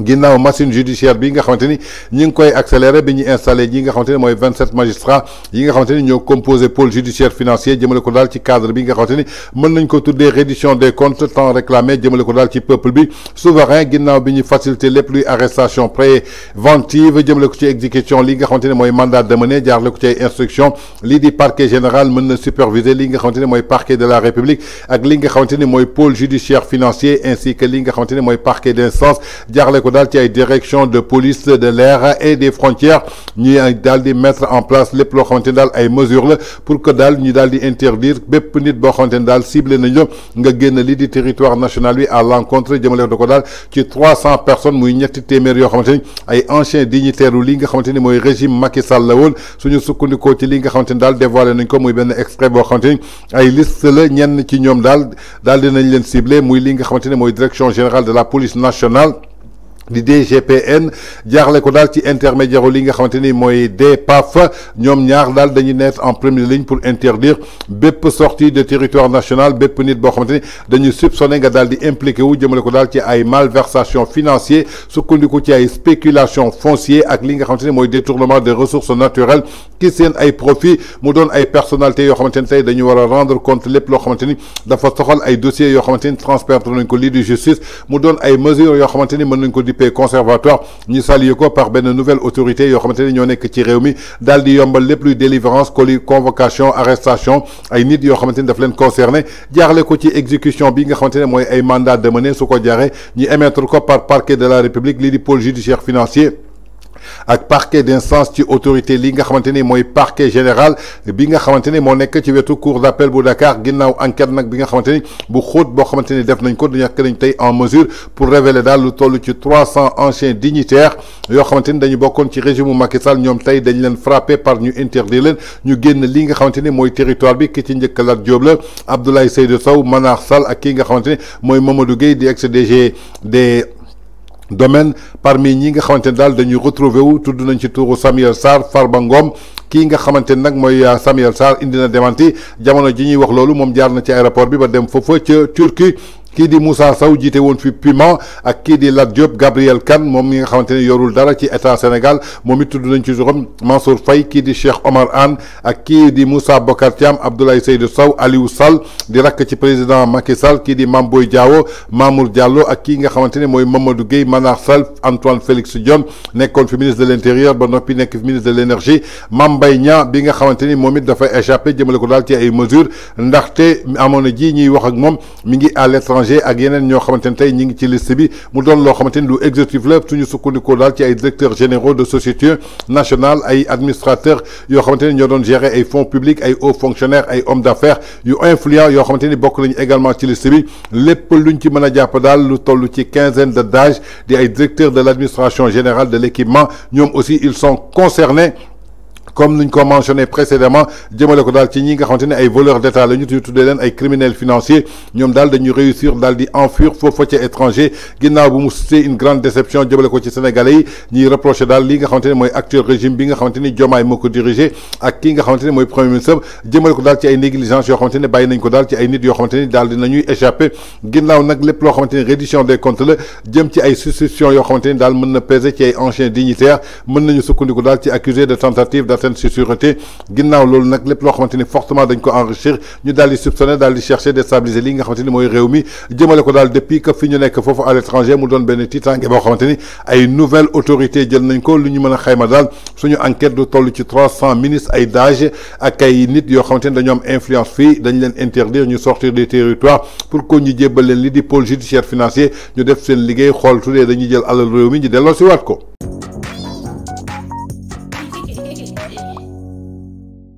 ginnaw machine judiciaire bi nga xamanteni ni koy accéléré bi ñi installé yi nga xamanteni moy 27 magistrats yi nga xamanteni ñoo composer pôle judiciaire financier jëmale ko dal ci cadre bi nga xamanteni mën nañ ko tuddee reddition des comptes tant réclamé jëmale ko dal ci peuple bi souverain ginnaw bi ñi facilité les plus arrestation préventive jëmale ko ci exécution li nga moy mandat de mandat d'amener le ko ci instruction li di parquet général mën na superviser li nga xamanteni moy parquet de la république ak li nga xamanteni moy pôle judiciaire financier ainsi que li nga xamanteni moy parquet d'instance le ko daal ci ay direction de police de l'air et des frontières ñi dal di mettre en place les loo xamante ni ay mesures la pour que dal ñu dal di interdire bép nit bo xamante dal daal ciblé nañ nga génn li di territoire national bi à l'encontre jëmale ko dal ci 300 personnes muy ñetti téeméer yo xamanteni ay anciens dignitaires li nga xamanteni moy régime Macky Sall la woon suñu sukkundiko ci li nga xamanteni dal dévoilé nañ ko muy ben extrait bo xamanteni ay liste la ñenn ci ñoom dal daal dinañ leen ciblé muy li nga xamanteni moy direction générale de la police nationale di DGPN jaarle ko dal ci intermédiaire li nga xamanteni moy mooy DPAF ñom ñaar dal dañuy nekk en première ligne pour interdire bépp sortie de territoire national bépp nit bo xamanteni ni dañuy soupçonné nga dal di impliquer wu jëmale ko dal ci ay malversation financière sukkandiku ci ay spéculation foncière ak li nga xamanteni moy détournement des ressources naturelles ki seen ay profit mu doon ay personnalités yo xamanteni tay tey dañu rendre compte lepp lo xamanteni dafa soxal ay dossiers yo xamanteni ni nañ ko lii de justice mu doon ay mesures yo xamanteni ni mën nañ ko di conservatoire ni salué par une nouvelle autorité yo xamanteni ne nek ci réew mi di yombal lepp luy délivrance colis convocation arrestation ay nit yo xamanteni daf leen concerné jaxlé ko ci exécution bi nga xamanteni moy ay mandat de mener suko ko ñi émettre ko par parquet de la république li di pôle judiciaire financier ak parquet d'instance ci autorité li nga xamanteni moy parquet général bi nga xamanteni mo nek ci wetu cour d'appel bu Dakar ginnaw enquête nak bi nga xamanteni bu xoot bo xamanteni def nañ ko dañu nekk nañ tey en mesure pour révéler dal lu toll ci 300 anciens dignitaires yo xamanteni dañu bokkoon ci régime Macky Sall ñom tay dañ leen frapper par ñu interdire leen ñu génn li nga xamanteni moy territoire bi ki ci njëkk Lat job la Abdoulaye Seydou Sow Manar Sall ak ki nga xamanteni moy Mamadou Gueye di ex DG des domaine parmi ñi nga xamante ne daal dañuy retrouver wu tudd nañ ci tuuru Samuel Sarr Farba Ngom kii nga xamante ne nag mooy euh, Samuel Sarr indi na démenti jamono ji ñuy wax loolu moom jaar na ci aéroport bi ba dem foofa ca turki qui di Moussa Sow jiite fi Piment ak ki di Lat Gabriel Kane moom mi nga xamanteni yorul dara ci Sénégal momi it ci Mansour Faye qui di Cheikh Omar An ak ki di Moussa Bokar Tiam, Abdoulaye Seydou Sow Aliou Sall di rak ci président Macky Sall ki di Mamboy Diawo Mamour Diallo ak ki nga xamanteni moy Mamadou Gueye Manar Sall Antoine Félix Diome nekkoon fi ministre de l'intérieur ba noppi fi ministre de l'énergie mam Mbaye Niang bi nga xamanteni ni dafa échappé jëmale ko dal ci ay mesures ndaxte amono ji ñi wax ak mom mi ngi à l'étranger étranger ak yenen ñoo xamantene tay tey ñi ngi ci liste bi mu doon lo xamantene du lu exécutif la suñu sukkandikoo dal ci ay directeurs généraux de société nationale ay administrateurs yo xamantene ni ñoo doon gérer ay fonds publics ay hauts fonctionnaires ay hommes d'affaires yu influents yo xamantene bokku lañu également ci liste bi lepp luñ ci mëna japp dal lu tollu ci quinzaine de d'âge di ay directeurs de l'administration générale de l'équipement ñom aussi ils sont concernés comme nous ko mentionné précédemment jëmale ko dal ci ñi nga xamanteni ay voleurs d'état la ñu tuddee leen ay criminels financiers ñom dal dañu réussir dal di enfuir foofu ci étranger ginnaw bu mu suscité une grande déception jëmale ko ci sénégalais ñi reprocher dal li nga xamanteni moy acteur régime bi nga xamanteni ni Diomaye diriger ak ki nga xamanteni moy premier ministre jëmale ko dal ci ay négligence yo xamanteni ne nañ ko dal ci ay nit yo xamanteni dal daal dinañuy échappé ginnaaw nag lépp loo xamante ne reddition des comptes la djem ci ay suspicion yo xamanteni dal daal mën na peser ci ay anciens dignitaires mën nañu sukkandiku dal ci accusé de tentative seen sécurité. Ginnaw loolu nak lepp lo xamanteni fortement dañ ko enrichir ñu daal di soupçonner daal di chercher déstabiliser li nga xamanteni moy mooy réew mi jëmale ko dal depuis que fi ñu nekk foofu à l'étranger mu doon ben tiitange bo xamanteni ay nouvelle autorité jël nañ ko lu ñu mëna xayma dal suñu enquête du tollu ci 300 ministres ay DAGE ak ay nit yo xamanteni dañu am influence fi dañ leen interdire ñu sortir des territoires pour que ñu jébbal leen li di pôle judiciaire financier ñu def seen liggéey xool su dañu jël alal réew mi ñu delloo si waat ko